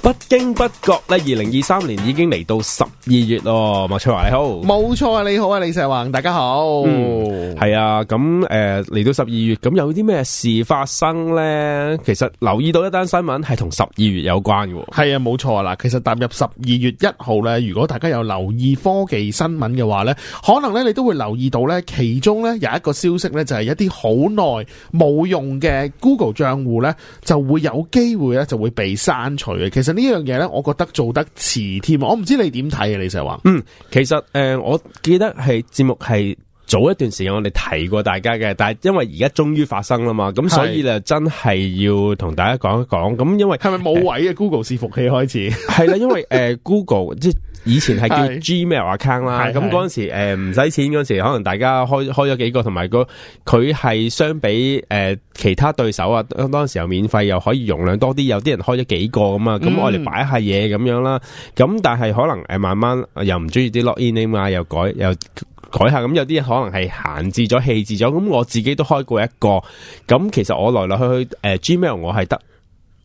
不經不覺咧，二零二三年已經嚟到十二月囉。麥翠華你好，冇錯啊！你好啊，李石宏，大家好。係、嗯、啊，咁誒嚟到十二月，咁有啲咩事發生呢？其實留意到一單新聞係同十二月有關嘅。係啊，冇錯啦。其實踏入十二月一號呢，如果大家有留意科技新聞嘅話呢，可能呢你都會留意到呢。其中呢有一個消息呢，就係、是、一啲好耐冇用嘅 Google 賬戶呢，就會有機會呢就會被刪除嘅。其實。呢樣嘢咧，我覺得做得遲添，我唔知你點睇啊？李石話，嗯，其實誒、呃，我記得係節目係。早一段時間我哋提過大家嘅，但係因為而家終於發生啦嘛，咁所以就真係要同大家講一講。咁因為係咪冇位啊、呃、？Google 伺服器開始係啦，因為、呃、Google 即 以前係叫 Gmail account 啦。咁嗰陣、呃、時唔使錢嗰陣時，可能大家開開咗幾個，同埋佢係相比誒、呃、其他對手啊。當時又免費又可以容量多啲，有啲人開咗幾個咁啊。咁我哋擺下嘢咁樣啦。咁、嗯、但係可能、呃、慢慢又唔中意啲 login name 啊，又改又。改下咁，有啲可能係閒置咗、棄置咗。咁我自己都開過一個。咁其實我來來去去，誒、呃、Gmail 我係得。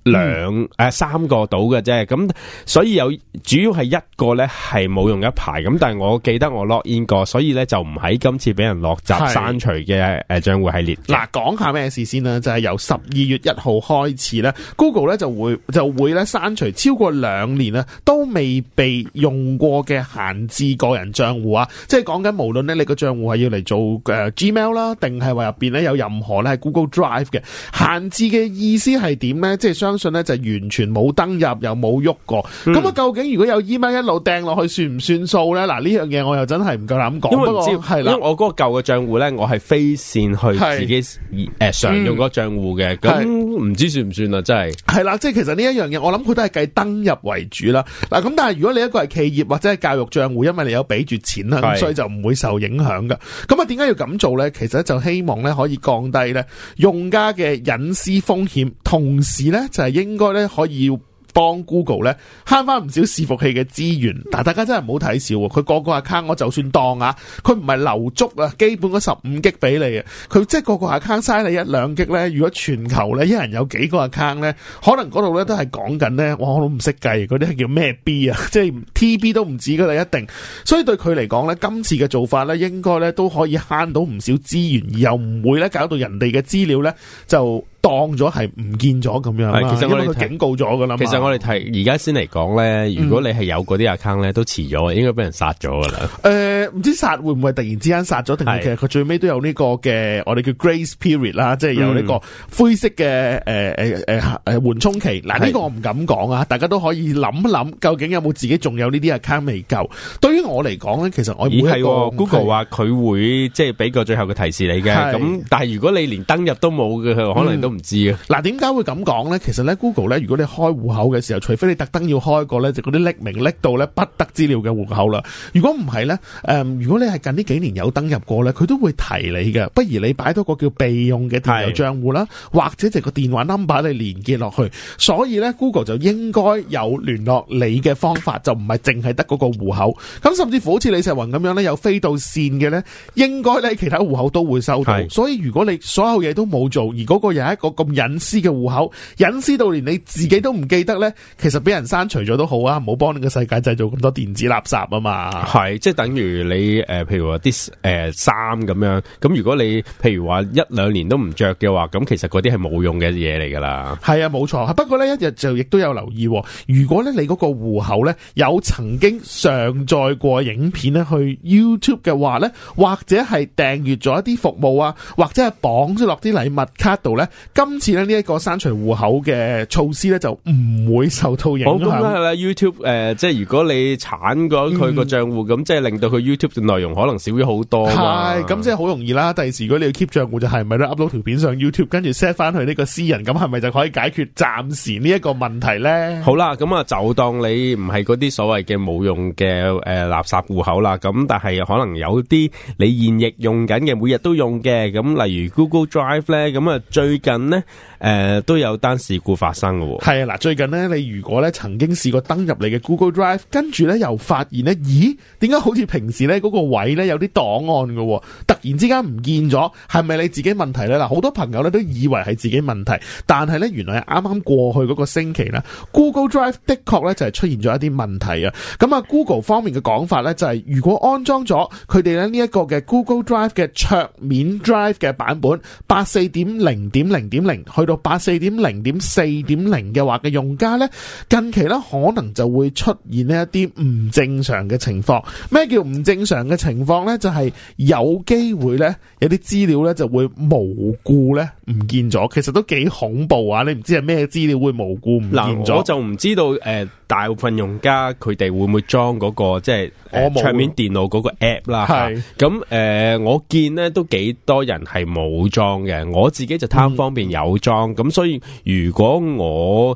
兩誒、呃、三個到嘅啫，咁所以有主要係一個咧係冇用一排，咁但係我記得我落 in 過，所以咧就唔喺今次俾人落閘刪除嘅誒賬戶系列。嗱，講、呃、下咩事先啦、啊，就係、是、由十二月一號開始咧，Google 咧就會就會咧刪除超過兩年啦都未被用過嘅閒置個人賬戶啊，即係講緊無論咧你個賬戶係要嚟做誒、呃、Gmail 啦，定係話入邊咧有任何咧係 Google Drive 嘅閒置嘅意思係點咧，即係相。相信咧就完全冇登入又冇喐過，咁、嗯、啊究竟如果有 email 一路掟落去算唔算數咧？嗱呢樣嘢我又真係唔夠膽講，因為係啦，我嗰個舊嘅賬戶咧，我係飛線去自己誒常用個賬戶嘅，咁、嗯、唔知算唔算啊？真係係啦，即係其實呢一樣嘢，我諗佢都係計登入為主啦。嗱咁但係如果你一個係企業或者係教育賬戶，因為你有俾住錢啦，所以就唔會受影響噶。咁啊，點解要咁做咧？其實就希望咧可以降低咧用家嘅隱私風險，同時咧就。係應該咧可以幫 Google 咧慳翻唔少伺服器嘅資源，但係大家真係唔好睇笑喎，佢個個 account 我就算當啊，佢唔係流足啊，基本嗰十五激俾你啊，佢即係個個 account 嘥你一兩激咧，2GB, 如果全球咧一人有幾個 account 咧，可能嗰度咧都係講緊咧，我我都唔識計，嗰啲係叫咩 B 啊，即係 TB 都唔止噶啦，一定，所以對佢嚟講咧，今次嘅做法咧，應該咧都可以慳到唔少資源，而又唔會咧搞到人哋嘅資料咧就。當咗係唔見咗咁樣，我哋警告咗噶啦。其實我哋睇而家先嚟講咧，如果你係有嗰啲 account 咧，都遲咗，應該俾人殺咗噶啦。誒、呃，唔知殺會唔會突然之間殺咗？定係其實佢最尾都有呢個嘅，我哋叫 Grace Period 啦，即係有呢個灰色嘅誒誒誒誒緩衝期。嗱，呢、這個我唔敢講啊，大家都可以諗一諗，究竟有冇自己仲有呢啲 account 未夠？對於我嚟講咧，其實我唔會係個 Google 話佢會即係俾個最後嘅提示你嘅。咁但係如果你連登入都冇嘅，可能都。嗯唔知啊，嗱，點解會咁講呢？其實呢，Google 呢，如果你開戶口嘅時候，除非你特登要開個呢，就嗰啲匿名匿到呢不得資料嘅戶口啦。如果唔係呢，誒，如果你係近呢幾年有登入過呢，佢都會提你嘅。不如你擺多個叫備用嘅電郵賬戶啦，或者就個電話 number 你連結落去。所以呢，Google 就應該有聯絡你嘅方法，就唔係淨係得嗰個戶口。咁甚至乎好似李石云咁樣呢，有飛到線嘅呢，應該呢其他戶口都會收到。所以如果你所有嘢都冇做，而嗰個又係。個咁隱私嘅戶口，隱私到連你自己都唔記得呢，其實俾人刪除咗都好啊，唔好幫你個世界製造咁多電子垃圾啊嘛。係，即係等於你誒、呃，譬如話啲誒衫咁樣，咁如果你譬如話一兩年都唔着嘅話，咁其實嗰啲係冇用嘅嘢嚟噶啦。係啊，冇錯。不過呢，一日就亦都有留意，如果呢你嗰個戶口呢，有曾經上載過影片呢去 YouTube 嘅話呢，或者係訂閱咗一啲服務啊，或者係綁咗落啲禮物卡度呢。今次咧呢一個刪除戶口嘅措施咧就唔會受到影響。好咁係啦，YouTube 誒、呃，即係如果你鏟咗佢個賬戶，咁、嗯、即係令到佢 YouTube 嘅內容可能少咗好多。係，咁即係好容易啦。第時如果你要 keep 賬戶，就係咪咧 upload 條片上 YouTube，跟住 set 翻去呢個私人，咁係咪就可以解決暫時呢一個問題咧？好啦，咁啊就當你唔係嗰啲所謂嘅冇用嘅誒、呃、垃圾戶口啦，咁但係可能有啲你現役用緊嘅，每日都用嘅，咁例如 Google Drive 咧，咁啊最近。咧，誒，都有單事故發生嘅，係啊，嗱，最近呢，你如果咧曾經試過登入你嘅 Google Drive，跟住咧又發現咧，咦，點解好似平時咧嗰個位咧有啲檔案嘅，突然之間唔見咗，係咪你自己問題咧？嗱，好多朋友咧都以為係自己問題，但係咧原來係啱啱過去嗰個星期咧，Google Drive 的確咧就係出現咗一啲問題啊。咁啊，Google 方面嘅講法咧就係，如果安裝咗佢哋咧呢一個嘅 Google Drive 嘅桌面 Drive 嘅版本八四點零點零點零去到八四點零點四點零嘅話嘅用家咧，近期呢可能就會出現呢一啲唔正常嘅情況。咩叫唔正常嘅情況呢？就係有機會呢，有啲資料呢就會無故呢唔見咗。其實都幾恐怖啊！你唔知係咩資料會無故唔見咗，就唔知道誒。呃大部分用家佢哋會唔會裝嗰個即係我冇桌面電腦嗰個 app 啦？係咁誒，我見咧都幾多人係冇裝嘅。我自己就貪方便有裝，咁所以如果我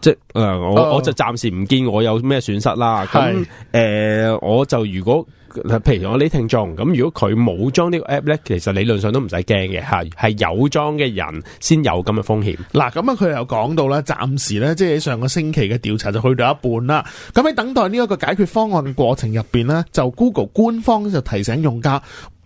即係誒，我我就暫時唔見我有咩損失啦。係誒，我就如果。嗱，譬如我啲聽眾，咁如果佢冇裝呢個 app 咧，其實理論上都唔使驚嘅吓，係有裝嘅人先有咁嘅風險。嗱，咁啊佢又講到啦，暫時咧，即係上個星期嘅調查就去到一半啦。咁喺等待呢一個解決方案嘅過程入邊咧，就 Google 官方就提醒用家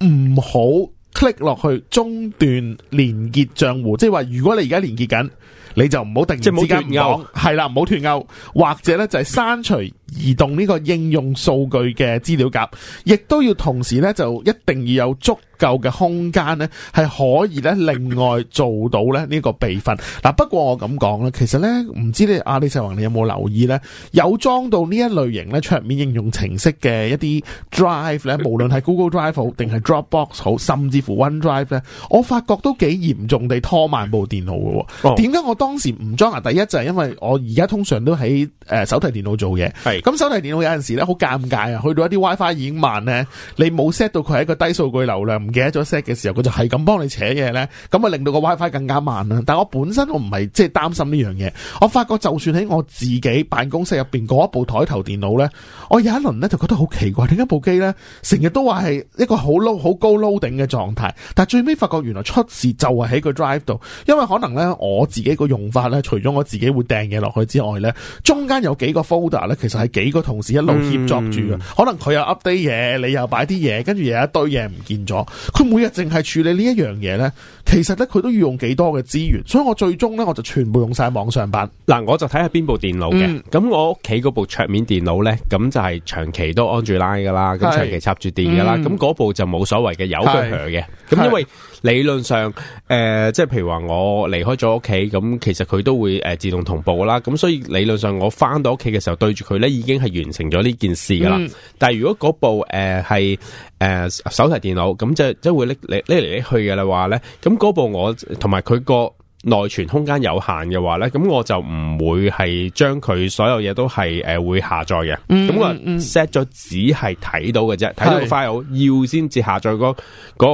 唔好。click 落去中斷連結賬戶，即係話如果你而家連結緊，你就唔好突然之間唔勾，係啦，唔好斷勾，或者咧就係刪除移動呢個應用數據嘅資料夾，亦都要同時咧就一定要有足。夠嘅空間呢，係可以呢另外做到呢個備份。嗱、啊、不過我咁講呢，其實呢，唔知你阿、啊、李世宏你有冇留意呢？有裝到呢一類型呢桌面應用程式嘅一啲 drive 呢，無論係 Google Drive 好定係 Dropbox 好，甚至乎 OneDrive 呢，我發覺都幾嚴重地拖慢部電腦嘅喎、啊。點、哦、解我當時唔裝啊？第一就係因為我而家通常都喺、呃、手提電腦做嘢，咁手提電腦有陣時呢，好尷尬啊！去到一啲 WiFi 已經慢呢，你冇 set 到佢係一個低數據流量。唔記得咗 set 嘅時候，佢就係咁幫你扯嘢呢。咁啊令到個 WiFi 更加慢啦。但係我本身我唔係即係擔心呢樣嘢，我發覺就算喺我自己辦公室入邊嗰一部台，枱頭電腦呢。我有一輪咧就覺得好奇怪，點解部機咧成日都話係一個好 load 好高 load 頂嘅狀態，但最尾發覺原來出事就係喺個 drive 度，因為可能咧我自己個用法咧，除咗我自己會掟嘢落去之外咧，中間有幾個 folder 咧，其實係幾個同事一路協助住嘅，可能佢又 update 嘢，你又擺啲嘢，跟住有一堆嘢唔見咗，佢每日淨係處理呢一樣嘢咧，其實咧佢都要用幾多嘅資源，所以我最終咧我就全部用晒網上版。嗱，我就睇下邊部電腦嘅，咁、嗯、我屋企嗰部桌面電腦咧，咁就。係長期都安住拉噶啦，咁長期插住電噶啦，咁嗰、嗯、部就冇所謂嘅，有對佢嘅。咁因為理論上，誒、呃，即係譬如話我離開咗屋企，咁其實佢都會、呃、自動同步啦。咁所以理論上我返到屋企嘅時候，對住佢咧已經係完成咗呢件事噶啦、嗯。但係如果嗰部誒係誒手提電腦，咁就即係會搦嚟匿嚟匿去嘅啦話咧，咁嗰部我同埋佢個，內存空間有限嘅話咧，咁我就唔會係將佢所有嘢都係誒會下載嘅。咁、嗯、我 set 咗只係睇到嘅啫，睇到 file 要先至下載嗰個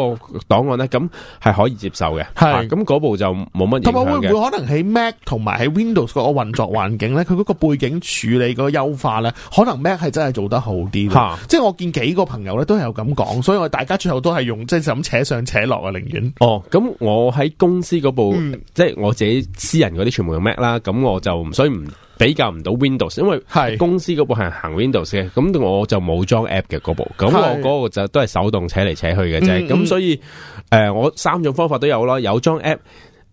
檔案咧，咁係可以接受嘅。係咁嗰部就冇乜影響嘅。同埋會唔會可能喺 Mac 同埋喺 Windows 個運作環境咧，佢嗰 個背景處理個優化咧，可能 Mac 係真係做得好啲。吓，即係我見幾個朋友咧都係有咁講，所以我大家最後都係用即係咁扯上扯落啊，寧願哦。咁我喺公司嗰部。嗯即係我自己私人嗰啲全部用 Mac 啦，咁我就唔所以唔比較唔到 Windows，因為公司嗰部係行 Windows 嘅，咁我就冇裝 App 嘅嗰部，咁我嗰個就都係手動扯嚟扯去嘅啫，咁所以誒我三種方法都有啦，有裝 App。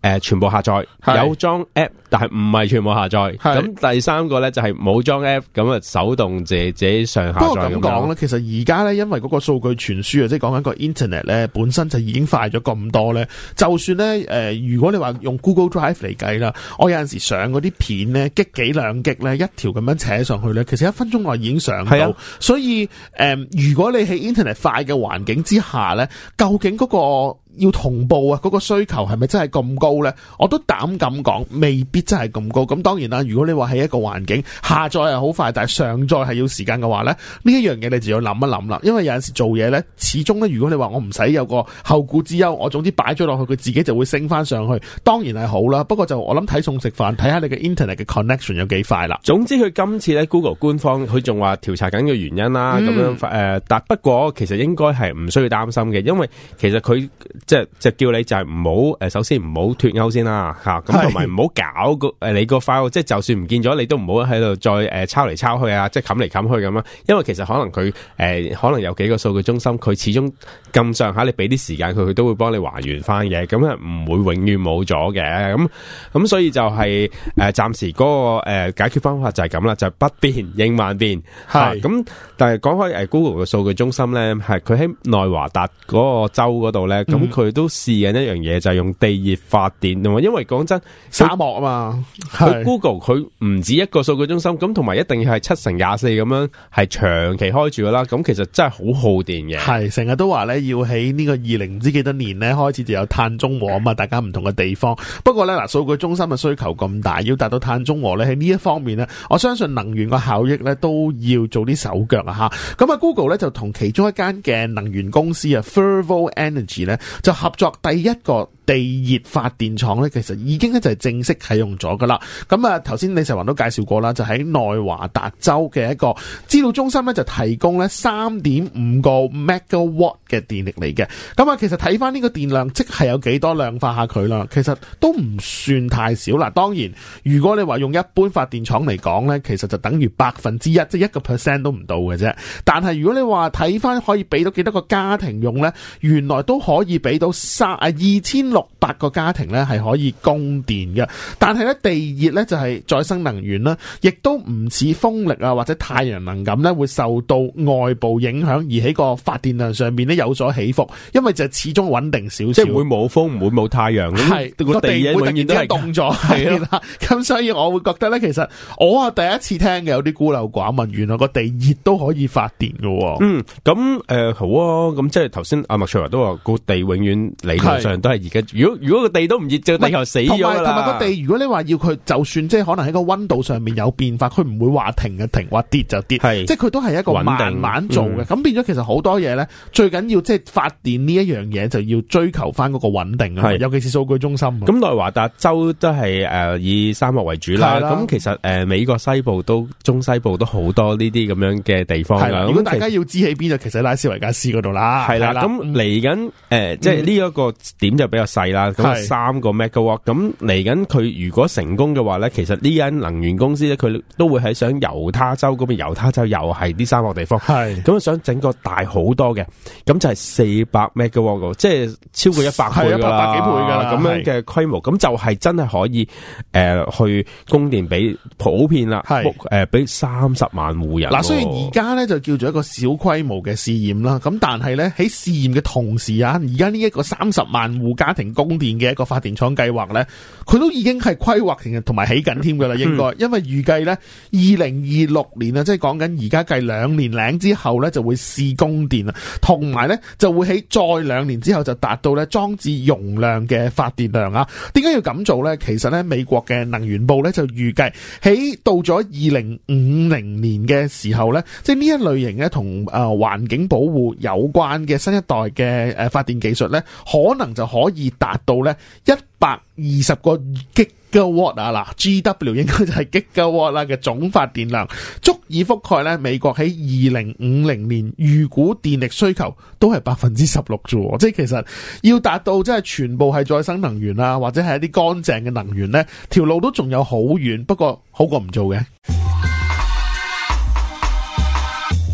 誒、呃，全部下載有裝 app，但係唔係全部下載。咁第三個咧就係冇裝 app，咁啊手動自己自己上下載。不過咁講咧，其實而家咧，因為嗰個數據傳輸啊，即係講緊個 internet 咧，本身就已經快咗咁多咧。就算咧，誒、呃，如果你話用 Google Drive 嚟計啦，我有陣時上嗰啲片咧，激幾兩擊咧，一條咁樣扯上去咧，其實一分鐘內已經上到。啊、所以，誒、呃，如果你喺 internet 快嘅環境之下咧，究竟嗰、那個？要同步啊！嗰個需求係咪真係咁高咧？我都膽咁講，未必真係咁高。咁當然啦，如果你話喺一個環境下載係好快，但係上載係要時間嘅話咧，呢一樣嘢你就要諗一諗啦。因為有陣時做嘢咧，始終咧，如果你話我唔使有個後顧之憂，我總之擺咗落去佢自己就會升翻上去，當然係好啦。不過就我諗睇餸食飯，睇下你嘅 internet 嘅 connection 有幾快啦。總之佢今次咧，Google 官方佢仲話調查緊嘅原因啦，咁、嗯、樣誒，但、呃、不過其實應該係唔需要擔心嘅，因為其實佢。即係叫你就係唔好誒，首先唔好脫鈎先啦吓，咁同埋唔好搞個誒你個 file，即係就算唔見咗，你都唔好喺度再誒抄嚟抄去啊，即係冚嚟冚去咁啊。因為其實可能佢誒、呃、可能有幾個數據中心，佢始終咁上下，你俾啲時間佢，佢都會幫你還原翻嘅，咁係唔會永遠冇咗嘅。咁咁所以就係誒暫時嗰、嗰個誒、呃、解決方法就係咁啦，就係、不變應萬變咁、啊、但係講開誒 Google 嘅數據中心咧，係佢喺內華達嗰個州嗰度咧咁。嗯佢都試緊一樣嘢，就係用地熱發電，同埋因為講真，沙漠啊嘛佢，Google 佢唔止一個數據中心，咁同埋一定要係七成廿四咁樣，係長期開住㗎啦。咁其實真係好耗電嘅，係成日都話咧，要喺呢個二零唔知幾多年咧開始就有碳中和啊嘛。大家唔同嘅地方，不過咧嗱，數據中心嘅需求咁大，要達到碳中和咧喺呢一方面咧，我相信能源個效益咧都要做啲手腳啊吓。咁啊，Google 咧就同其中一間嘅能源公司啊 Fervo Energy 咧。就合作第一個，地熱發電廠咧，其實已經咧就正式啟用咗噶啦。咁啊，頭先李世雲都介紹過啦，就喺內華達州嘅一個資料中心咧，就提供咧三點五個 megawatt 嘅電力嚟嘅。咁啊，其實睇翻呢個電量，即係有幾多量化下佢啦。其實都唔算太少啦。當然，如果你話用一般發電廠嚟講咧，其實就等於百分之一，即係一個 percent 都唔到嘅啫。但係如果你話睇翻可以俾到幾多個家庭用咧，原來都可以俾到三啊二千六百個家庭咧，係可以供電嘅，但係咧，地熱咧就係再生能源啦，亦都唔似風力啊或者太陽能咁咧會受到外部影響而喺個發電量上面咧有所起伏，因為就始終穩定少少，即係唔會冇風，唔會冇太陽，係個地熱永遠都係凍咗係啦。咁所以我會覺得咧，其實我啊第一次聽嘅，有啲孤陋寡聞，原來個地熱都可以發電嘅。嗯，咁誒好啊，咁即係頭先阿麥卓華都話個地永遠理論上都係而家。如果如果個地都唔熱，就地球死咗啦。同埋同埋個地，如果你話要佢，就算即係可能喺個溫度上面有變化，佢唔會話停一停，話跌就跌，即係佢都係一個慢慢做嘅。咁、嗯、變咗，其實好多嘢咧，最緊要即係發電呢一樣嘢，就要追求翻嗰個穩定啊。尤其是數據中心。咁內華達州都係誒，以沙漠為主啦。咁其實誒美國西部都中西部都好多呢啲咁樣嘅地方啦。如果大家要知喺邊，就其實就拉斯維加斯嗰度啦。係啦，咁嚟緊誒即係呢一個點就比較啦，咁三個 megawatt，咁嚟緊佢如果成功嘅話咧，其實呢間能源公司咧，佢都會喺想猶他州嗰邊，猶他州又係啲三個地方，係咁想整個大好多嘅，咁就係四百 megawatt，即係超過一百倍一百幾倍噶啦，咁樣嘅規模，咁就係真係可以誒、呃、去供電俾普遍啦，係誒俾三十萬戶人，嗱、啊，所以而家咧就叫做一個小規模嘅試驗啦，咁但係咧喺試驗嘅同時啊，而家呢一個三十萬戶家庭供電嘅一個發電廠計劃咧，佢都已經係規劃同埋起緊添噶啦，應該，因為預計咧，二零二六年啊，即係講緊而家計兩年零之後咧，就會試供電啊，同埋咧就會起再兩年之後就達到咧裝置容量嘅發電量啊。點解要咁做咧？其實咧，美國嘅能源部咧就預計喺到咗二零五零年嘅時候咧，即係呢一類型咧同誒環境保護有關嘅新一代嘅誒發電技術咧，可能就可以。達到咧一百二十個吉吉瓦啊，嗱，G W 應該就係吉吉瓦啦嘅總發電量，足以覆蓋咧美國喺二零五零年預估電力需求都係百分之十六啫，即係其實要達到即係全部係再生能源啊或者係一啲乾淨嘅能源咧，條路都仲有好遠，不過好過唔做嘅。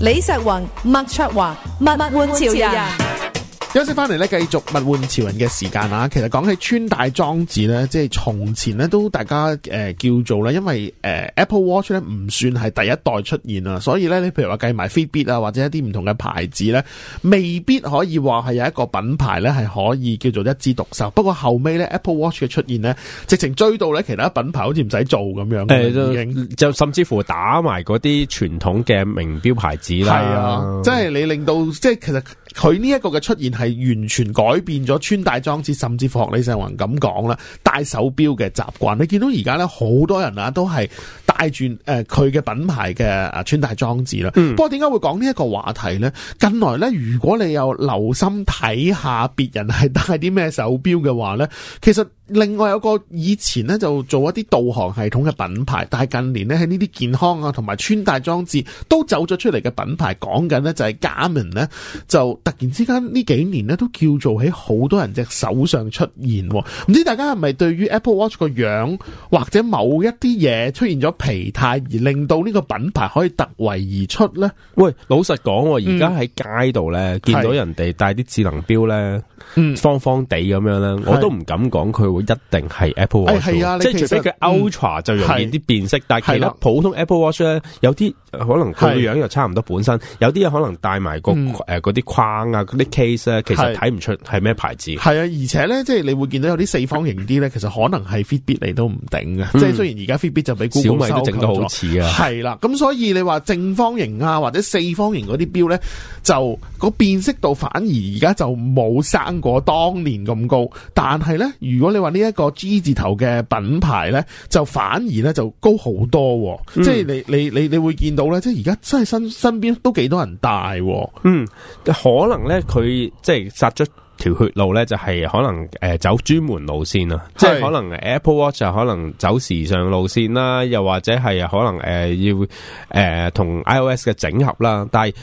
李石宏、麥卓華、物物換潮人。休息翻嚟咧，繼續物玩潮人嘅時間啊！其實講起穿戴裝置咧，即係從前咧都大家誒、呃、叫做咧，因為誒、呃、Apple Watch 咧唔算係第一代出現啊，所以咧你譬如話計埋 Fitbit 啊，或者一啲唔同嘅牌子咧，未必可以話係有一個品牌咧係可以叫做一枝獨秀。不過後尾咧 Apple Watch 嘅出現咧，直情追到咧其他品牌好似唔使做咁樣、哎，已經就，就甚至乎打埋嗰啲傳統嘅名錶牌子啦。係啊，嗯、即係你令到即係其實佢呢一個嘅出現係。係完全改變咗穿戴裝置，甚至乎霍李世宏咁講啦，戴手錶嘅習慣。你見到而家咧，好多人啊都係戴住誒佢嘅品牌嘅啊，穿戴裝置啦、嗯。不過點解會講呢一個話題咧？近來呢，如果你又留心睇下別人係戴啲咩手錶嘅話呢，其實另外有個以前呢就做一啲導航系統嘅品牌，但係近年呢，喺呢啲健康啊同埋穿戴裝置都走咗出嚟嘅品牌，講緊呢，就係假 a 呢，就突然之間呢幾。年咧都叫做喺好多人隻手上出現，唔知大家係咪對於 Apple Watch 個樣或者某一啲嘢，出現咗疲態而令到呢個品牌可以突圍而出咧？喂，老實講，而家喺街度咧、嗯、見到人哋戴啲智能錶咧、嗯，方方地咁樣咧、嗯，我都唔敢講佢會一定係 Apple Watch、哎、是的即係除非佢 Ultra，嗯、就容易啲變色，但係其實普通 Apple Watch 咧，有啲可能佢個樣又差唔多本身，有啲可能戴埋個誒啲、嗯呃、框啊啲 case 咧。其實睇唔出係咩牌子，係啊，而且咧，即係你會見到有啲四方形啲咧、嗯，其實可能係 Fitbit 嚟都唔頂嘅，即係雖然而家 Fitbit 就俾小米都整得好似啊，係啦，咁所以你話正方形啊或者四方形嗰啲錶咧，就、那個辨識度反而而家就冇生過當年咁高，但係咧，如果你話呢一個 G 字頭嘅品牌咧，就反而咧就高好多、啊嗯，即係你你你你會見到咧，即係而家真係身身邊都幾多人戴、啊，嗯，可能咧佢。即係殺出條血路呢，就係可能誒走專門路線啦，即係可能 Apple Watch 就可能走時尚路線啦，又或者係可能誒、呃、要誒同、呃、iOS 嘅整合啦，但係誒。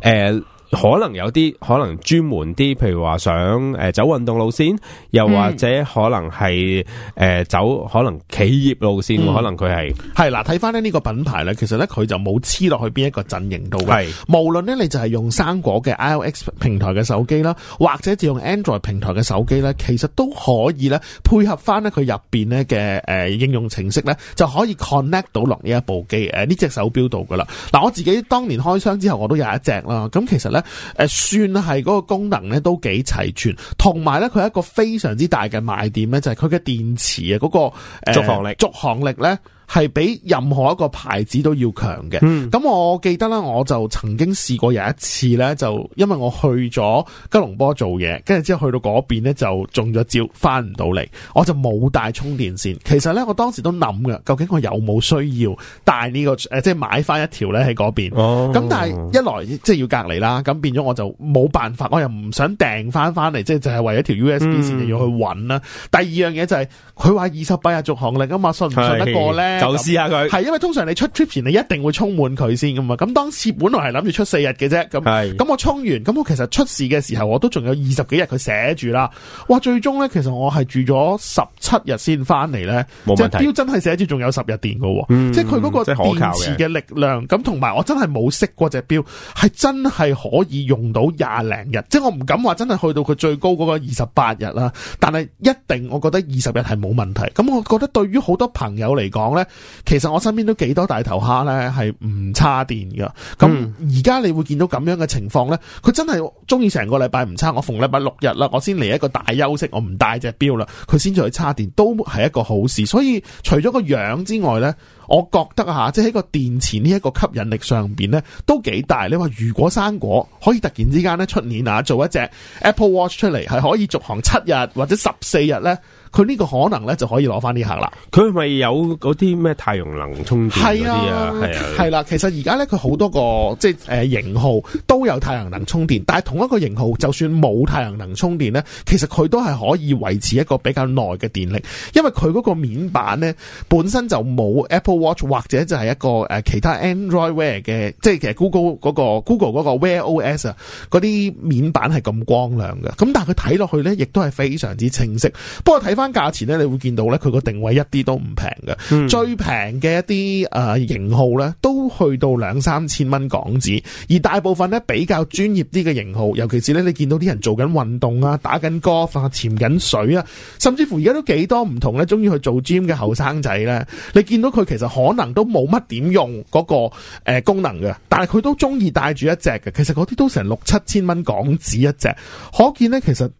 呃可能有啲可能專門啲，譬如話想誒、呃、走運動路線，又或者可能係誒、呃、走可能企業路線、嗯，可能佢係係嗱睇翻咧呢個品牌咧，其實咧佢就冇黐落去邊一個陣營度嘅。係無論咧，你就係用生果嘅 iOS 平台嘅手機啦，或者就用 Android 平台嘅手機咧，其實都可以咧配合翻咧佢入邊咧嘅誒應用程式咧，就可以 connect 到落呢一部機誒呢隻手錶度噶啦。嗱、啊，我自己當年開箱之後我都有一隻啦，咁其實咧。誒，算係嗰個功能咧都幾齊全，同埋咧佢係一個非常之大嘅賣點咧就係佢嘅電池啊、那、嗰個誒續航力，呃、續航力咧。係比任何一個牌子都要強嘅。咁、嗯、我記得啦，我就曾經試過有一次呢，就因為我去咗吉隆坡做嘢，跟住之後去到嗰邊呢，就中咗招，翻唔到嚟，我就冇帶充電線。其實呢，我當時都諗嘅，究竟我有冇需要帶呢、呢個、呃、即係買翻一條呢喺嗰邊。咁、哦、但係一來即係要隔離啦，咁變咗我就冇辦法，我又唔想訂翻翻嚟，即係就係、是、為一條 USB 線就要去揾啦、嗯。第二樣嘢就係佢話二十八日續航力，吖嘛，信唔信得過呢？就試下佢，係因為通常你出 trip 前你一定會充滿佢先㗎嘛。咁當次本來係諗住出四日嘅啫，咁咁我充完，咁我其實出事嘅時候我都仲有二十幾日佢寫住啦。哇！最終咧，其實我係住咗十七日先翻嚟咧。隻錶真係寫住仲有十日電㗎喎、嗯，即係佢嗰個電池嘅力量咁，同埋我真係冇熄過隻錶，係真係可以用到廿零日。即係我唔敢話真係去到佢最高嗰個二十八日啦，但係一定我覺得二十日係冇問題。咁我覺得對於好多朋友嚟講咧。其實我身邊都幾多大頭蝦呢，係唔插電噶。咁而家你會見到咁樣嘅情況呢，佢真係中意成個禮拜唔插。我逢禮拜六日啦，我先嚟一個大休息，我唔帶隻錶啦，佢先至去插電，都係一個好事。所以除咗個樣之外呢，我覺得吓，即係個電池呢一個吸引力上邊呢，都幾大。你話如果生果可以突然之間呢出年啊，做一隻 Apple Watch 出嚟，係可以續航七日或者十四日呢。佢呢個可能咧，就可以攞翻啲盒啦。佢係咪有嗰啲咩太陽能充電嗰啲啊？係啊，係啦、啊。其實而家咧，佢好多個，即係誒、呃、型號都有太陽能充電，但係同一個型號就算冇太陽能充電咧，其實佢都係可以維持一個比較耐嘅電力，因為佢嗰個面板咧本身就冇 Apple Watch 或者就係一個誒、呃、其他 Android Wear 嘅，即係其實 Google 嗰、嗰個、Google 嗰 wear OS 啊嗰啲面板係咁光亮嘅。咁但係佢睇落去咧，亦都係非常之清晰。不過睇翻。翻價錢咧，你會見到咧，佢個定位一啲都唔平嘅。最平嘅一啲誒、呃、型號咧，都去到兩三千蚊港紙，而大部分咧比較專業啲嘅型號，尤其是咧你見到啲人做緊運動啊，打緊高爾夫、潛緊水啊，甚至乎而家都幾多唔同咧，中意去做 gym 嘅後生仔咧，你見到佢其實可能都冇乜點用嗰、那個誒、呃、功能嘅，但係佢都中意帶住一隻嘅，其實嗰啲都成六七千蚊港紙一隻，可見咧其實。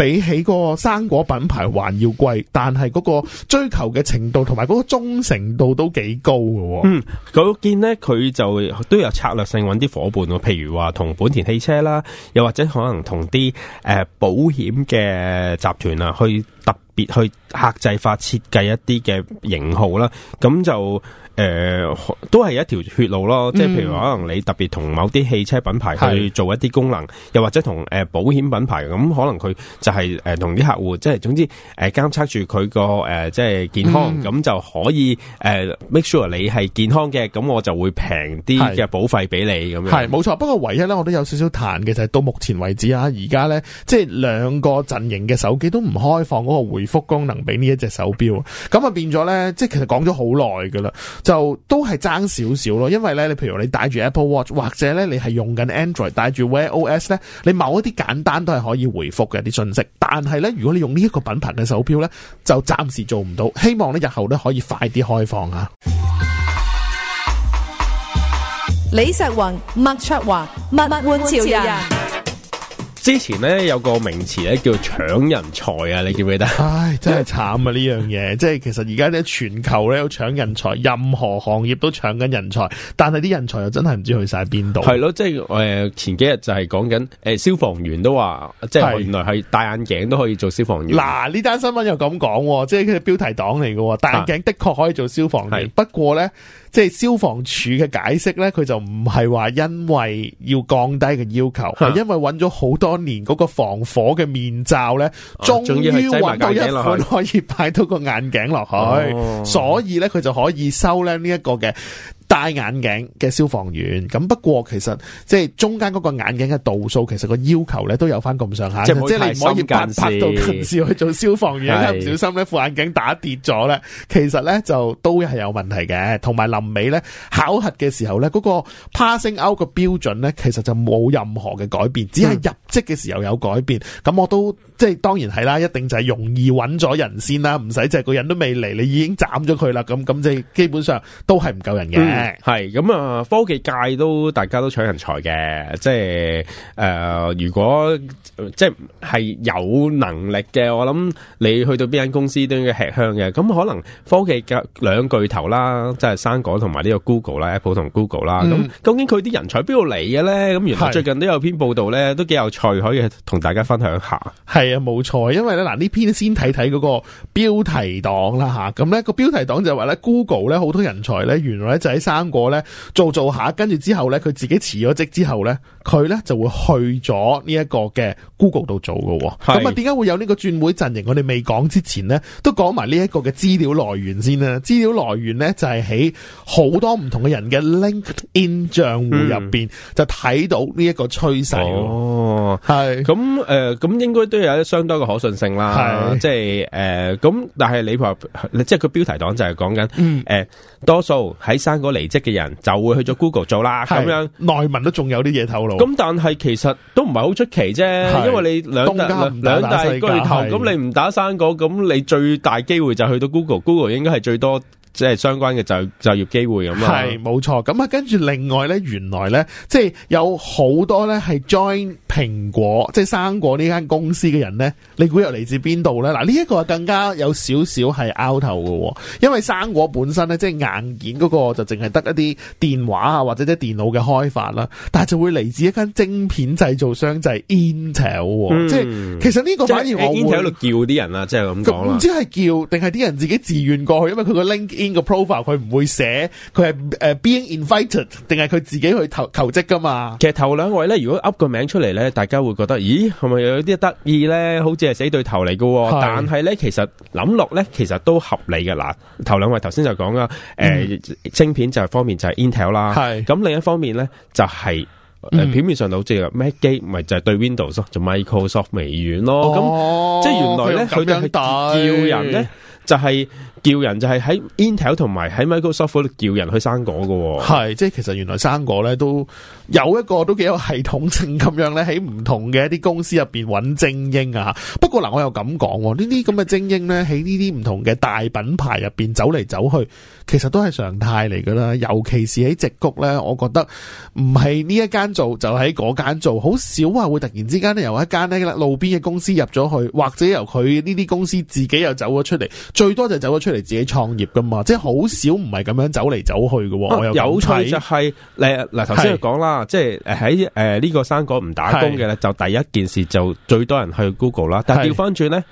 比起嗰個生果品牌還要貴，但係嗰個追求嘅程度同埋嗰個忠誠度都幾高嘅。嗯，我見呢，佢就都有策略性揾啲伙伴喎，譬如話同本田汽車啦，又或者可能同啲誒保險嘅集團啊，去特別去客製化設計一啲嘅型號啦，咁就，誒、呃，都係一條血路咯，即係譬如可能你特別同某啲汽車品牌去做一啲功能，又或者同誒、呃、保險品牌咁，可能佢就係誒同啲客戶，即係總之誒監測住佢個誒即係健康，咁、嗯、就可以誒、呃、make sure 你係健康嘅，咁我就會平啲嘅保費俾你咁樣。係冇錯，不過唯一咧我都有少少彈嘅就係、是、到目前為止啊，而家咧即係兩個陣營嘅手機都唔開放嗰個回覆功能俾呢一隻手錶，咁啊變咗咧，即係其實講咗好耐噶啦。就都係爭少少咯，因為咧，你譬如你戴住 Apple Watch，或者咧你係用緊 Android，戴住 Wear OS 咧，你某一啲簡單都係可以回覆嘅啲信息。但係咧，如果你用呢一個品牌嘅手錶咧，就暫時做唔到。希望咧日後咧可以快啲開放啊！李石宏、麥卓華、默默換潮人。之前咧有個名詞咧叫搶人才啊，你記唔記得？唉，真係慘啊！呢樣嘢，即係其實而家咧全球咧都搶人才，任何行業都搶緊人才，但係啲人才又真係唔知去晒邊度。係咯，即係誒，前幾日就係講緊誒，消防員都話，即係原來係戴眼鏡都可以做消防員。嗱，呢單新聞又咁講，即係佢標題黨嚟嘅，戴眼鏡的確可以做消防員，啊、不過咧。即係消防署嘅解釋呢，佢就唔係話因為要降低嘅要求，係因為揾咗好多年嗰個防火嘅面罩呢，終於揾到一款可以擺到個眼鏡落去，啊，所以呢，佢就可以收呢一個嘅。戴眼鏡嘅消防員，咁不過其實即係中間嗰個眼鏡嘅度數，其實個要求咧都有返咁上下嘅，即係你唔可以白拍到近視去做消防員，一唔小心咧副眼鏡打跌咗咧，其實咧就都係有問題嘅。同埋臨尾咧考核嘅時候咧，嗰個 passing out 嘅標準咧，其實就冇任何嘅改變，只係入職嘅時候有改變。咁我都即係當然係啦，一定就係容易揾咗人先啦，唔使就係個人都未嚟，你已經斬咗佢啦。咁咁即係基本上都係唔夠人嘅。係，咁啊科技界都大家都搶人才嘅，即係誒、呃，如果即係有能力嘅，我諗你去到邊間公司都應該吃香嘅。咁可能科技嘅兩巨頭啦，即係生果同埋呢個 Google 啦，Apple 同 Google 啦、嗯。咁究竟佢啲人才邊度嚟嘅咧？咁原來最近都有篇報道咧，都幾有趣，可以同大家分享一下。係啊，冇錯，因為咧嗱，呢篇先睇睇嗰個標題黨啦吓。咁、那、咧個標題黨就話咧 Google 咧好多人才咧，原來咧就喺生果咧，做做下，跟住之後咧，佢自己辭咗職之後咧。佢咧就會去咗呢一個嘅 Google 度做嘅喎、哦，咁啊點解會有呢個轉會陣營？我哋未講之前咧，都講埋呢一個嘅資料來源先啦。資料來源咧就係喺好多唔同嘅人嘅 LinkedIn 賬戶入邊、嗯、就睇到呢一個趨勢哦。哦，係咁誒，咁、呃、應該都有相當嘅可信性啦。係，即係誒咁，但係你話即係佢標題黨就係講緊誒多數喺生果離職嘅人就會去咗 Google 做啦。咁樣內文都仲有啲嘢透露。咁但係其實都唔係好出奇啫，因為你兩大兩大巨頭，咁你唔打生果，咁你最大機會就去到 Google，Google Google 應該係最多即係相關嘅就就業機會咁啊。係冇錯，咁啊跟住另外咧，原來咧即係有好多咧係 join。蘋果即係生果呢間公司嘅人咧，你估又嚟自邊度咧？嗱，呢一個更加有少少係 out 頭嘅，因為生果本身咧，即係硬件嗰個就淨係得一啲電話啊或者啲電腦嘅開發啦，但係就會嚟自一間晶片製造商，就係 Intel，嗯。即係其實呢個反而我 Intel 喺度叫啲人啦，即係咁講啦。唔知係叫定係啲人自己自願過去，因為佢個 LinkedIn 個 profile 佢唔會寫，佢係誒 being invited 定係佢自己去投求職噶嘛？其實頭兩位咧，如果噏個名出嚟咧。誒，大家會覺得，咦，係咪有啲得意咧？好似係死對頭嚟嘅，喔，但係咧，其實諗落咧，其實都合理嘅。嗱，頭兩位頭先就講啦，誒、呃嗯，晶片就係方面就係 Intel 啦，係咁另一方面咧，就係、是呃嗯、表面上好似 Mac 機，咪就係、是、對 Windows 對咯，就 Microsoft 微軟咯，咁即係原來咧，佢哋就係叫人咧，就係、是。叫人就係喺 Intel 同埋喺 Microsoft 叫人去生果嘅、哦，係即係其實原來生果咧都有一個都幾有系統性咁樣咧，喺唔同嘅一啲公司入邊揾精英啊吓。不過嗱，我又咁講呢啲咁嘅精英咧，喺呢啲唔同嘅大品牌入邊走嚟走去，其實都係常態嚟噶啦。尤其是喺矽谷咧，我覺得唔係呢一間做就喺嗰間做，好少話會突然之間咧由一間咧路邊嘅公司入咗去，或者由佢呢啲公司自己又走咗出嚟，最多就走咗出。出嚟自己創業噶嘛，即係好少唔係咁樣走嚟走去嘅、啊。有趣就係誒嗱，頭先講啦，即係喺呢個生果唔打工嘅咧，就第一件事就最多人去 Google 啦。但係調翻轉咧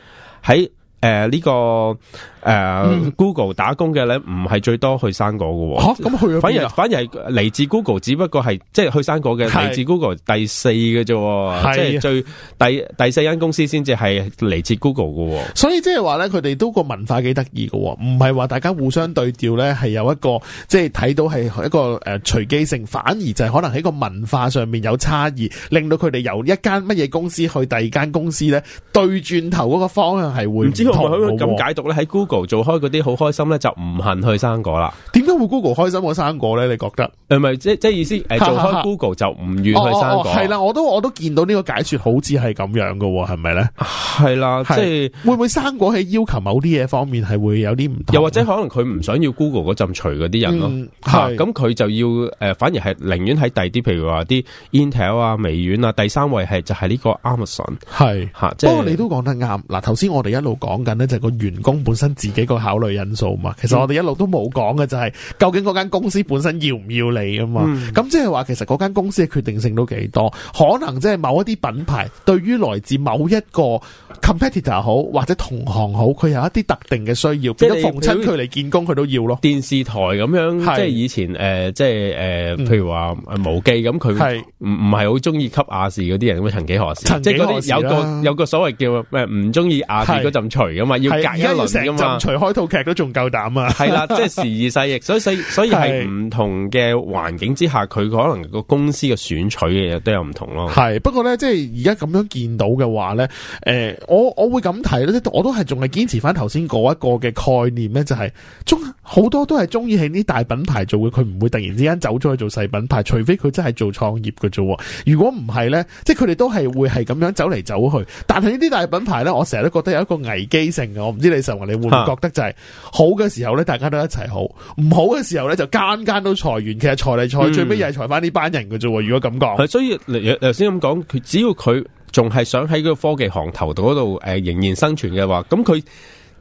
喺。誒、呃、呢、這個誒、呃、Google 打工嘅咧，唔係最多去生果嘅，吓咁去、反而、嗯啊、反而係嚟自 Google，只不過係即係去生果嘅嚟自 Google 第四嘅啫，即係、啊就是、最第第四間公司先至係嚟自 Google 嘅，所以即係話咧，佢哋都個文化幾得意嘅，唔係話大家互相對調咧，係有一個即係睇到係一個誒隨機性，反而就係可能喺個文化上面有差異，令到佢哋由一間乜嘢公司去第二間公司咧，對轉頭嗰個方向係會唔知。同埋佢咁解讀咧，喺 Google 做開嗰啲好開心咧，就唔恨去生果啦。點解會 Google 開心去生果咧？你覺得誒？係咪即即係意思誒？做開 Google 就唔願去生果。係啦，我都我都見到呢個解説，好似係咁樣噶喎，係咪咧？係啦，即會唔會生果喺要求某啲嘢方面係會有啲唔同？又或者可能佢唔想要 Google 嗰陣除嗰啲人咯？嚇，咁佢就要誒，反而係寧願喺第啲，譬如話啲 Intel 啊、微軟啊，第三位係就係呢個 Amazon。係嚇，不過你都講得啱。嗱，頭先我哋一路講。講緊呢，就係個、是、員工本身自己個考慮因素嘛，其實我哋一路都冇講嘅就係、是、究竟嗰間公司本身要唔要你啊嘛，咁即係話其實嗰間公司嘅決定性都幾多，可能即係某一啲品牌對於來自某一個 competitor 好或者同行好，佢有一啲特定嘅需要，即咗逢親佢嚟見工佢都要咯。電視台咁樣即係以前誒、呃、即係誒、呃，譬如話無記咁佢唔係好中意吸亞視嗰啲人咁，曾幾何時，幾何時即有個、啊、有，個有個所謂叫唔中意亞視嗰陣噶嘛，要隔一輪噶嘛，除開套劇都仲夠膽啊！係啦，即係時移世易， 所以所以係唔同嘅環境之下，佢可能個公司嘅選取嘅嘢都有唔同咯。係，不過咧，即係而家咁樣見到嘅話咧，誒、欸，我我會咁睇咧，我都係仲係堅持翻頭先嗰一個嘅概念咧，就係、是、中好多都係中意喺呢啲大品牌做嘅，佢唔會突然之間走咗去做細品牌，除非佢真係做創業嘅啫。如果唔係咧，即係佢哋都係會係咁樣走嚟走去。但係呢啲大品牌咧，我成日都覺得有一個危機。我唔知李神話你會唔會覺得就係、是、好嘅時候咧，大家都一齊好；唔好嘅時候咧，就間間都裁員。其實裁嚟裁，最尾又係裁翻呢班人嘅啫。如果咁講，係、嗯、所以，你頭先咁講，只要佢仲係想喺嗰個科技行頭度度，誒、呃，仍然生存嘅話，咁佢。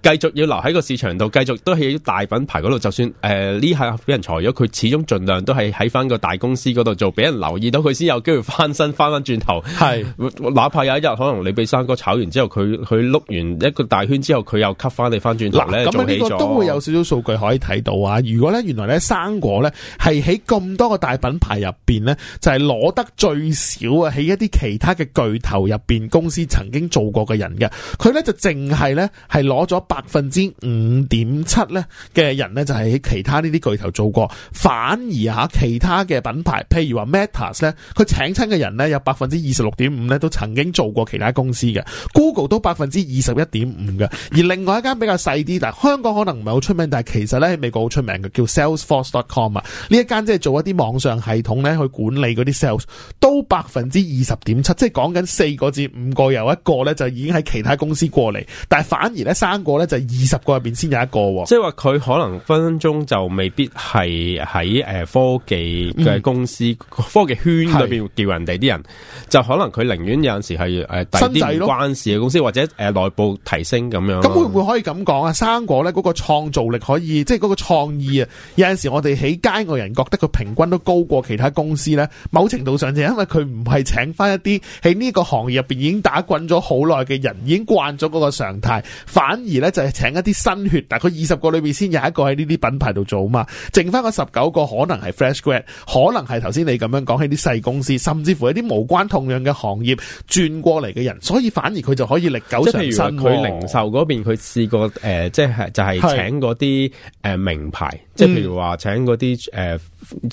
繼續要留喺個市場度，繼續都係喺大品牌嗰度。就算誒呢下俾人裁咗，佢始終盡量都係喺翻個大公司嗰度做，俾人留意到佢先有機會翻身翻翻轉頭。係，哪怕有一日可能你俾生哥炒完之後，佢佢碌完一個大圈之後，佢又吸翻你翻轉頭。咁呢個都會有少少數據可以睇到啊！如果呢，原來呢生果呢係喺咁多個大品牌入邊呢，就係攞得最少啊！喺一啲其他嘅巨頭入邊公司曾經做過嘅人嘅，佢呢就淨係呢係攞咗。百分之五點七咧嘅人咧就喺其他呢啲巨頭做過，反而吓其他嘅品牌，譬如話 Meta s 咧，佢請親嘅人咧有百分之二十六點五咧都曾經做過其他公司嘅，Google 都百分之二十一點五嘅，而另外一間比較細啲，但係香港可能唔係好出名，但係其實咧喺美國好出名嘅叫 Salesforce.com 啊，呢一間即係做一啲網上系統咧去管理啲 sales，都百分之二十點七，即係講緊四個至五個有一個咧就已經喺其他公司過嚟，但係反而咧三個。就二、是、十個入邊先有一個，即係話佢可能分分鐘就未必係喺誒科技嘅公司、嗯、科技圈裏邊叫人哋啲人，就可能佢寧願有陣時係誒第啲關事嘅公司，或者誒內部提升咁樣。咁、嗯、會唔會可以咁講啊？生果咧嗰個創造力可以，即係嗰個創意啊！有陣時我哋起街外人覺得佢平均都高過其他公司咧。某程度上就因為佢唔係請翻一啲喺呢個行業入邊已經打滾咗好耐嘅人，已經慣咗嗰個常態，反而咧。就係請一啲新血，但係大概二十個裏邊先有一個喺呢啲品牌度做啊嘛，剩翻嗰十九個可能係 fresh grad，可能係頭先你咁樣講起啲細公司，甚至乎係啲無關痛癢嘅行業轉過嚟嘅人，所以反而佢就可以歷久常新。即係譬如話佢零售嗰邊，佢試過誒，即係就係請嗰啲誒名牌，即係譬如話請嗰啲誒。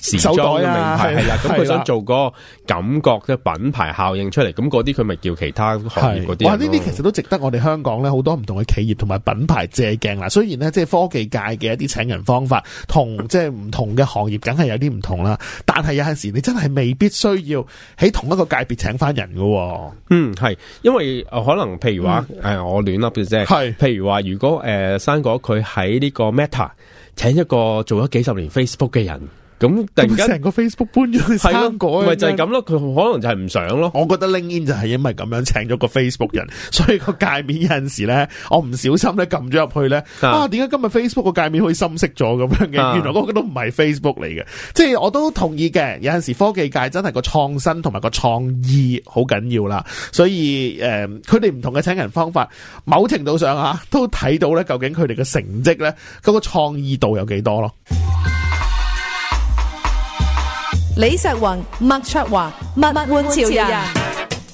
時裝啊，係啦，咁佢想做個感覺嘅品牌效應出嚟，咁嗰啲佢咪叫其他行業嗰啲。哇，呢啲其實都值得我哋香港咧好多唔同嘅企業同埋品牌借鏡啦。雖然咧即係科技界嘅一啲請人方法，同即係唔同嘅行業，梗係有啲唔同啦。但係有陣時你真係未必需要喺同一個界別請翻人噶。嗯，係，因為、呃、可能譬如話誒、嗯，我亂噏啲啫。譬如話如果誒，生、呃、果佢喺呢個 Meta 請一個做咗幾十年 Facebook 嘅人。咁突然間成個 Facebook 搬咗去香港，咪就係咁咯。佢可能就係唔想咯。我覺得 LinkedIn 就係因為咁樣請咗個 Facebook 人，所以個界面有陣時咧，我唔小心咧撳咗入去咧， 啊，點解今日 Facebook 個界面可以深色咗咁樣嘅？原來嗰個都唔係 Facebook 嚟嘅。即係我都同意嘅，有陣時科技界真係個創新同埋個創意好緊要啦。所以誒，佢哋唔同嘅請人方法，某程度上吓、啊、都睇到咧，究竟佢哋嘅成績咧，嗰、嗰個創意度有幾多咯？李石云、麥卓華、物玩潮人，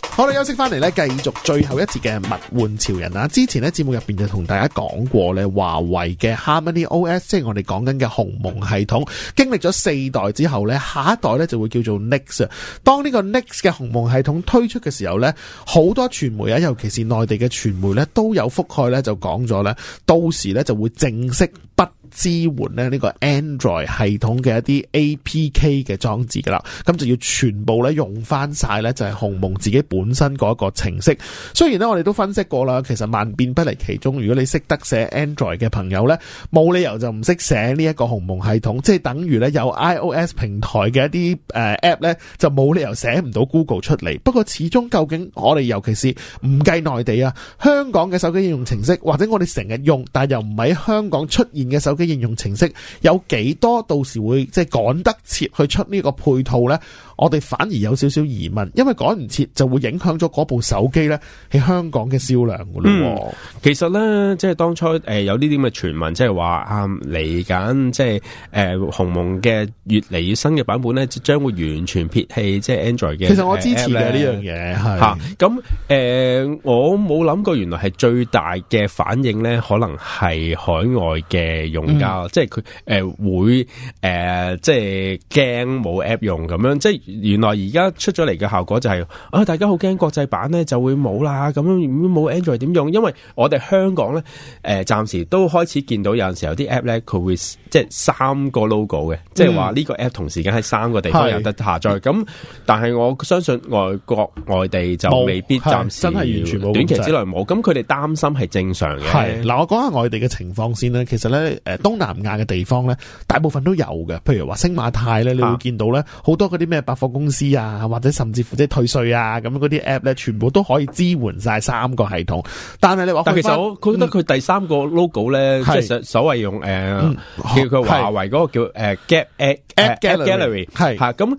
好啦，休息翻嚟咧，繼續最後一節嘅物玩潮人啊！之前咧節目入邊就同大家講過咧，華為嘅 Harmony OS，即係我哋講緊嘅鴻蒙系統，經歷咗四代之後咧，下一代咧就會叫做 Next。當呢個 Next 嘅鴻蒙系統推出嘅時候咧，好多傳媒啊，尤其是內地嘅傳媒咧，都有覆蓋咧，就講咗咧，到時咧就會正式不。支援咧呢個 Android 系統嘅一啲 APK 嘅裝置噶啦，咁就要全部咧用翻曬咧就係鴻蒙自己本身嗰一個程式。雖然咧我哋都分析過啦，其實萬變不離其中。如果你識得寫 Android 嘅朋友咧，冇理由就唔識寫呢一個鴻蒙系統，即係等於咧有 iOS 平台嘅一啲誒 App 咧，就冇理由寫唔到 Google 出嚟。不過始終究竟我哋尤其是唔計內地啊，香港嘅手機應用程式或者我哋成日用，但係又唔係香港出現嘅手機嘅應用程式有幾多到時會即係趕得切去出呢個配套咧？我哋反而有少少疑問，因為趕唔切就會影響咗嗰部手機咧喺香港嘅銷量噶咯，嗯。其實咧，即係當初誒、呃、有呢啲咁嘅傳聞，即係話啱嚟緊，即係誒鴻蒙嘅越嚟越新嘅版本咧，將會完全撇棄即係 Android 嘅。其實我支持嘅呢樣嘢係。咁、啊、誒、啊呃，我冇諗過，原來係最大嘅反應咧，可能係海外嘅用品。即係佢誒會誒，即係驚冇 app 用咁樣。即係原來而家出咗嚟嘅效果就係、是、啊！大家好驚國際版咧就會冇啦，咁樣冇 Android 點用？因為我哋香港咧誒、呃，暫時都開始見到有陣時候啲 app 咧佢會即係三個 logo 嘅、嗯，即係話呢個 app 同時間喺三個地方有得下載。咁但係我相信外國外地就未必暫時真係完全冇短期之內冇。咁佢哋擔心係正常嘅。係嗱，我講下外地嘅情況先啦。其實咧誒。呃東南亞嘅地方咧，大部分都有嘅。譬如話星馬泰咧，你會見到咧好多嗰啲咩百貨公司啊，或者甚至乎即係退稅啊咁嗰啲 app 咧，全部都可以支援晒三個系統。但係你話，但其實我覺得佢第三個 logo 咧，即係所謂用、呃嗯、叫其佢華為嗰個叫、啊、gap app App Gallery 咁。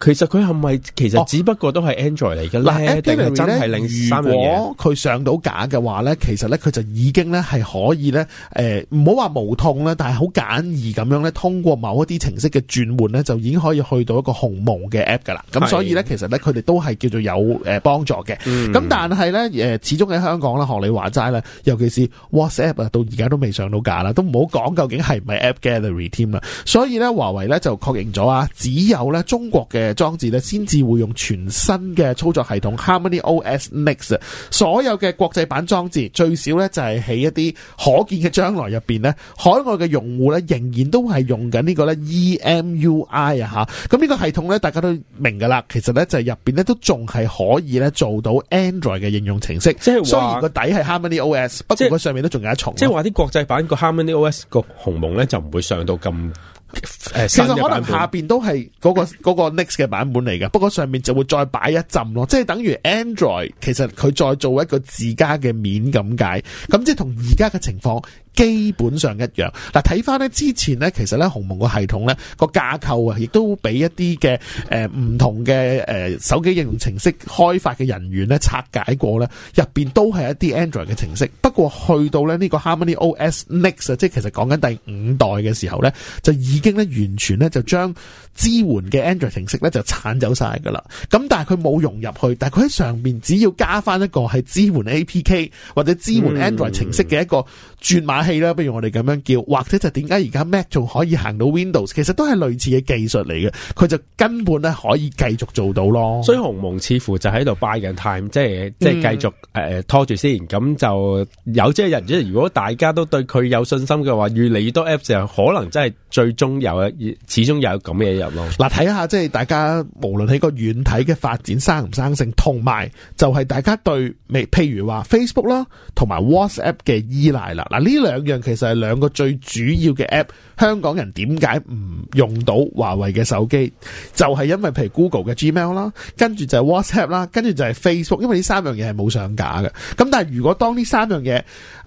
其實佢係咪其實只不過都係 Android 嚟嘅咧？哦、真係兩三樣如果佢上到架嘅話咧，其實咧佢就已經咧係可以咧誒，唔好話無痛啦，但係好簡易咁樣咧，通過某一啲程式嘅轉換咧，就已經可以去到一個鴻蒙嘅 App 噶啦。咁所以咧，其實咧佢哋都係叫做有誒幫助嘅。咁、嗯、但係咧誒，始終喺香港啦，學你話齋啦，尤其是 WhatsApp 到而家都未上到架啦，都唔好講究竟係唔係 App Gallery team 啦。所以咧，華為咧就確認咗啊，只有咧中國嘅。裝置咧，先至會用全新嘅操作系統 Harmony OS Next。所有嘅國際版裝置最少咧，就係喺一啲可見嘅將來入邊咧，海外嘅用戶咧仍然都係用緊呢個咧 EMUI 啊吓。咁呢個系統咧，大家都明噶啦。其實咧就係入邊咧都仲係可以咧做到 Android 嘅應用程式。即係雖然個底係 Harmony OS，不過佢上面都仲有一重。即係話啲國際版個 Harmony OS 個鴻蒙咧，就唔會上到咁。其實可能下邊都係嗰、那個、那個 next 嘅版本嚟㗎，不過上面就會再擺一陣咯，即係等於 Android，其實佢再做一個自家嘅面咁解，咁即係同而家嘅情況。基本上一樣嗱，睇翻呢之前呢其實呢，鴻蒙個系統呢個架構啊，亦都俾一啲嘅誒唔同嘅誒手機應用程式開發嘅人員呢拆解過呢，入面都係一啲 Android 嘅程式。不過去到呢呢個 Harmony OS Next 啊，即係其實講緊第五代嘅時候呢，就已經呢完全呢就將，支援嘅 Android 程式咧就鏟走晒噶啦，咁但係佢冇融入去，但係佢喺上面只要加翻一個係支援 APK 或者支援 Android 程式嘅一個轉碼器啦、嗯，不如我哋咁樣叫，或者就點解而家 Mac 仲可以行到 Windows，其實都係類似嘅技術嚟嘅，佢就根本咧可以繼續做到咯。所以鴻蒙似乎就喺度 buying time，即係即係繼續誒、嗯 uh, 拖住先，咁就有即係人，即係如果大家都對佢有信心嘅話，越嚟越多 Apps 可能真係最終有，始終有咁嘅嘢。嗱，睇下即係大家無論喺個軟體嘅發展生唔生性，同埋就係大家對未，譬如話 Facebook 啦，同埋 WhatsApp 嘅依賴啦。嗱，呢兩樣其實係兩個最主要嘅 app。香港人點解唔用到華為嘅手機？就係因為譬如 Google 嘅 Gmail 啦，跟住就係 WhatsApp 啦，跟住就係 Facebook。因為呢三樣嘢係冇上架嘅。咁但係如果當呢三樣嘢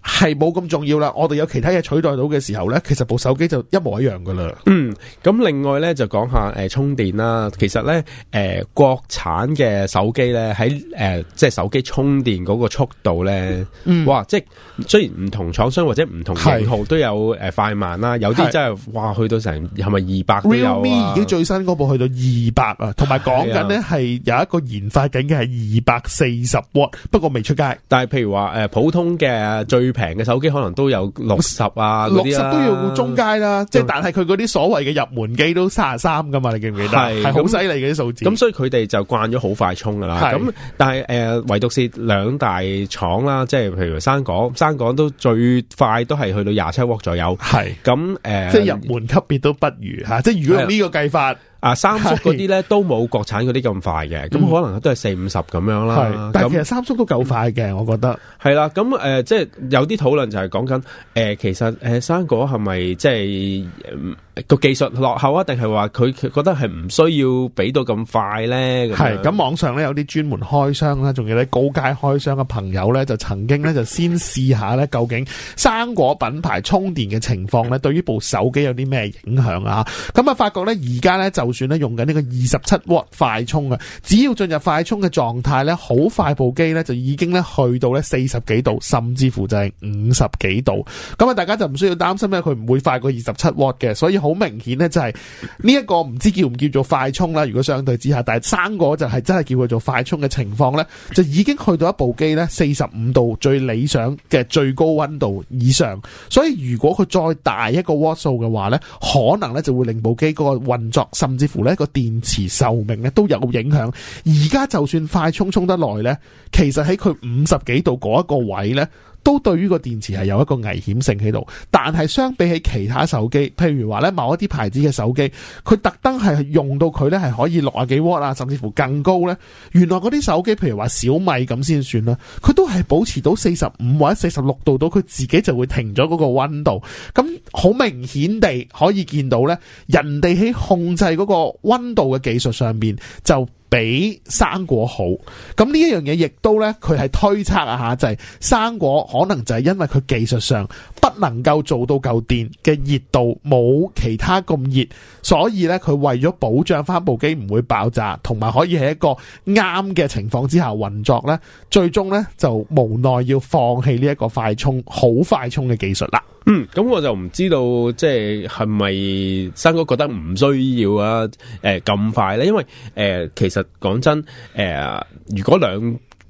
係冇咁重要啦，我哋有其他嘢取代到嘅時候呢，其實部手機就一模一樣噶啦。嗯，咁另外呢，就講。下、啊、誒、呃、充電啦、啊，其實咧，誒、呃、國產嘅手機咧，喺誒、呃、即係手機充電嗰個速度咧、嗯，哇！即係雖然唔同廠商或者唔同型號都有誒、呃、快慢啦、啊，有啲真係哇，去到成係咪二百？Realme 而家最新嗰部去到二百啊，同埋講緊咧係有一個研發緊嘅係二百四十瓦，不過未出街。但係譬如話誒、呃、普通嘅最平嘅手機可能都有六十啊，六十都要中階啦，嗯、即係但係佢啲所謂嘅入門機都卅啊三。咁噶嘛？你記唔記得？係好犀利嘅啲數字。咁所以佢哋就慣咗好快充噶啦。咁但係誒、呃，唯獨是兩大廠啦，即係譬如生港，生港都最快都係去到廿七 W 左右。係咁誒，即係入門級別都不如吓、啊，即係如果用呢個計法。啊，三十嗰啲咧都冇國產嗰啲咁快嘅，咁可能都係四五十咁樣啦。係，但其實三十都夠快嘅，我覺得。係啦，咁誒，即係有啲討論就係講緊誒，其實誒生果係咪即係個技術落後啊？定係話佢覺得係唔需要俾到咁快咧？係。咁網上咧有啲專門開箱啦，仲有咧高階開箱嘅朋友咧，就曾經咧就先試下咧，究竟生果品牌充電嘅情況咧，對於部手機有啲咩影響啊？咁啊，發覺咧而家咧就。就算咧用緊呢個二十七瓦快充嘅，只要進入快充嘅狀態咧，好快部機咧就已經咧去到咧四十幾度，甚至乎就係五十幾度。咁啊，大家就唔需要擔心咧，佢唔會快過二十七瓦嘅。所以好明顯咧，就係呢一個唔知叫唔叫做快充啦。如果相對之下，但係生果就係真係叫佢做快充嘅情況咧，就已經去到一部機咧四十五度最理想嘅最高溫度以上。所以如果佢再大一個瓦數嘅話咧，可能咧就會令部機嗰個運作甚。似乎呢個電池壽命咧都有影響。而家就算快充充得耐咧，其實喺佢五十幾度嗰一個位咧。都對於個電池係有一個危險性喺度，但係相比起其他手機，譬如話呢某一啲牌子嘅手機，佢特登係用到佢呢係可以六啊幾瓦啦，甚至乎更高呢。原來嗰啲手機，譬如話小米咁先算啦，佢都係保持到四十五或者四十六度到，佢自己就會停咗嗰個温度。咁好明顯地可以見到呢，人哋喺控制嗰個温度嘅技術上面就比生果好，咁呢一樣嘢亦都呢，佢係推測啊吓，就係生果可能就係因為佢技術上不能夠做到夠電嘅熱度，冇其他咁熱，所以呢，佢為咗保障翻部機唔會爆炸，同埋可以喺一個啱嘅情況之下運作，呢最終呢，就無奈要放棄呢一個快充好快充嘅技術啦。嗯，咁我就唔知道，即係係咪生哥覺得唔需要啊？誒、呃，咁快咧，因為誒、呃，其實講真，誒、呃，如果兩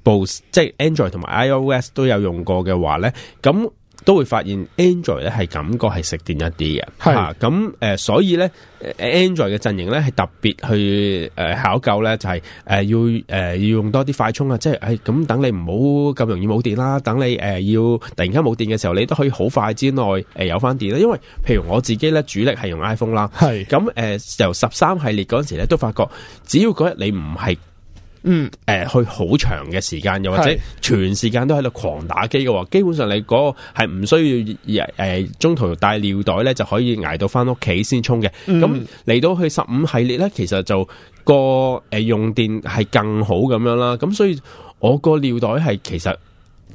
部即係、就是、Android 同埋 iOS 都有用過嘅話咧，咁。都會發現 Android 咧，係感覺係食電一啲嘅，咁誒、啊呃，所以咧 Android 嘅陣營咧，係特別去誒考究咧，就係誒要誒、呃、要用多啲快充啊，即係誒咁等你唔好咁容易冇電啦，等你誒、呃、要突然間冇電嘅時候，你都可以好快之內誒、呃、有翻電啦。因為譬如我自己咧，主力係用 iPhone 啦，係咁誒由十三系列嗰陣時咧，都發覺，只要嗰日你唔係。嗯，誒、呃，去好長嘅時間，又或者全時間都喺度狂打機嘅話，基本上你嗰個係唔需要誒、呃，中途帶尿袋咧就可以捱到返屋企先充嘅。咁、嗯、嚟到去十五系列咧，其實就個誒用電係更好咁樣啦。咁所以我個尿袋係其實。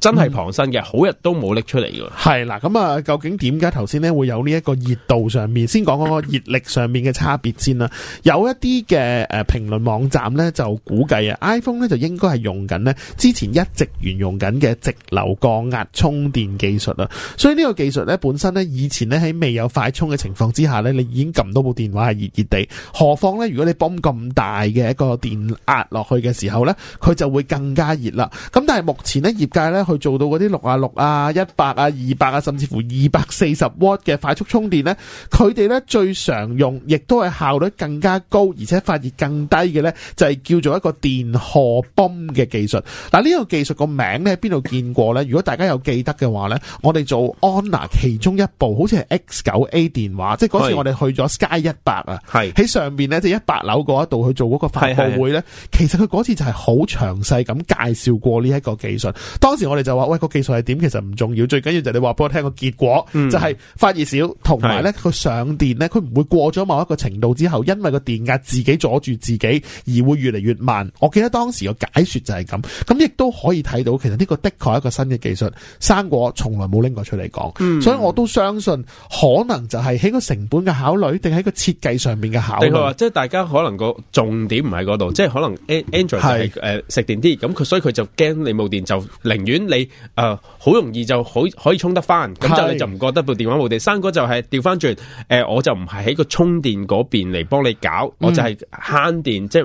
真係傍身嘅，好日都冇拎出嚟嘅。係、嗯、啦，咁啊，究竟點解頭先咧會有呢一個熱度上面？先講個熱力上面嘅差別先啦。 有一啲嘅誒評論網站咧就估計啊，iPhone 咧就應該係用緊咧之前一直沿用緊嘅直流降壓充電技術啦。所以呢個技術咧本身咧以前咧喺未有快充嘅情況之下咧，你已經撳到部電話係熱熱地，何況咧如果你泵咁大嘅一個電壓落去嘅時候咧，佢就會更加熱啦。咁但係目前咧業界咧。去做到啲六啊六啊、一百啊、二百啊，甚至乎二百四十 w 瓦嘅快速充電咧，佢哋咧最常用，亦都係效率更加高，而且發熱更低嘅咧，就係、是、叫做一個電荷泵嘅技術。嗱、啊，呢、這個技術個名咧，邊度見過咧？如果大家有記得嘅話咧，我哋做 Honor 其中一部，好似係 X 九 A 電話，即係嗰次我哋去咗 Sky 一百啊，係喺上面咧，即係一百樓一度去做個發布會咧，其實佢次就係好詳細咁介紹過呢一個技術，當時。我哋就話喂，個技術係點，其實唔重要，最緊要就係你話俾我聽個結果，嗯、就係、是、發熱少，同埋咧佢上電咧佢唔會過咗某一個程度之後，因為個電壓自己阻住自己，而會越嚟越慢。我記得當時個解說就係咁，咁亦都可以睇到，其實呢個的確係一個新嘅技術。生果從來冇拎過出嚟講，嗯，所以我都相信可能就係喺個成本嘅考慮，定喺個設計上面嘅考慮。即係大家可能個重點唔喺嗰度，即係可能 Android 係、就、誒、是呃、食電啲，咁佢所以佢就驚你冇電，就寧願。咁你誒，好、呃、容易就可可以充得翻，咁就你就唔覺得部電話冇電。生果就係調翻轉，誒、呃，我就唔係喺個充電嗰邊嚟幫你搞，嗯、我就係慳電，即係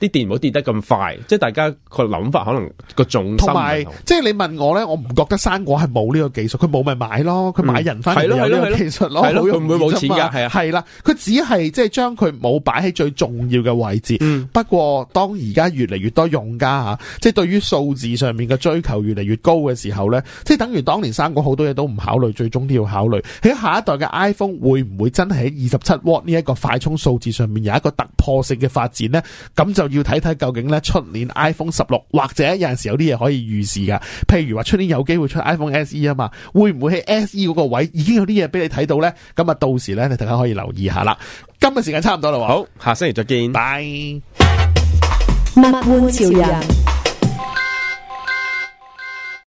啲電唔好跌得咁快。即、就、係、是、大家個諗法可能個重心同埋，即係你問我咧，我唔覺得生果係冇呢個技術，佢冇咪買咯，佢、嗯、買人反而有呢個技術咯，佢唔會冇錢噶，係啊，係啦，佢只係即係將佢冇擺喺最重要嘅位置。嗯、不過當而家越嚟越多用家吓，即係對於數字上面嘅追求越嚟。越高嘅時候呢，即係等於當年生果好多嘢都唔考慮，最終都要考慮。喺下一代嘅 iPhone 會唔會真係喺二十七瓦呢一個快充數字上面有一個突破性嘅發展呢？咁就要睇睇究竟呢出年 iPhone 十六或者有陣時有啲嘢可以預示噶。譬如話出年有機會出 iPhone SE 啊嘛，會唔會喺 SE 嗰個位已經有啲嘢俾你睇到呢？咁啊，到時呢，你大家可以留意下啦。今日時間差唔多啦，好，下星期再見，拜。